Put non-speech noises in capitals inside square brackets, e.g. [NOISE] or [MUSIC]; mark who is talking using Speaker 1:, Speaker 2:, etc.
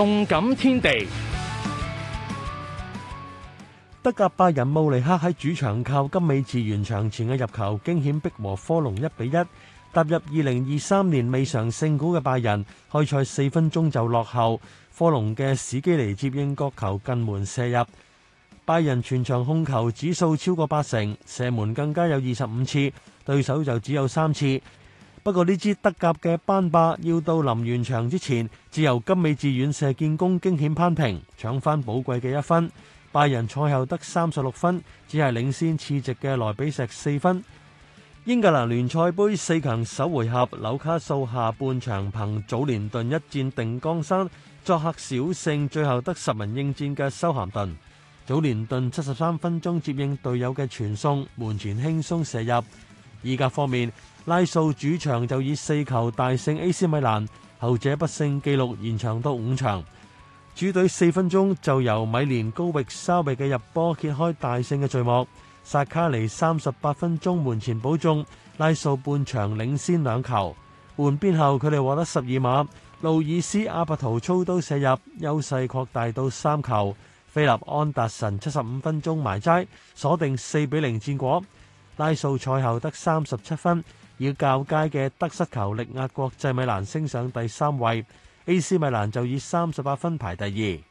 Speaker 1: 動感天地，德甲拜仁慕尼黑喺主場靠金美治完場前嘅入球，驚險逼和科隆一比一。踏入二零二三年未嘗勝果嘅拜仁，開賽四分鐘就落後，科隆嘅史基尼接應角球近門射入。拜仁全場控球指數超過八成，射門更加有二十五次，對手就只有三次。不過呢支德甲嘅班霸，要到臨完場之前，只由基米治遠射建功，驚險攀平，搶翻寶貴嘅一分。拜仁賽後得三十六分，只係領先次席嘅萊比錫四分。英格蘭聯賽盃四強首回合，紐卡素下半場憑祖連頓一戰定江山，作客小勝，最後得十人應戰嘅修咸頓。祖連頓七十三分鐘接應隊友嘅傳送，門前輕鬆射入。意甲方面，拉素主場就以四球大勝 AC 米蘭，後者不勝記錄延長到五場。主隊四分鐘就由米連高域沙域嘅入波揭開大勝嘅序幕，薩卡尼三十八分鐘門前保中，拉素半場領先兩球。換邊後佢哋獲得十二碼，路爾斯阿伯圖操刀射入，優勢擴大到三球。菲立安達臣七十五分鐘埋齋，鎖定四比零戰果。拉素賽後得三十七分，要較佳嘅得失球力壓國際米蘭升上第三位 [NOISE] ，AC 米蘭就以三十八分排第二。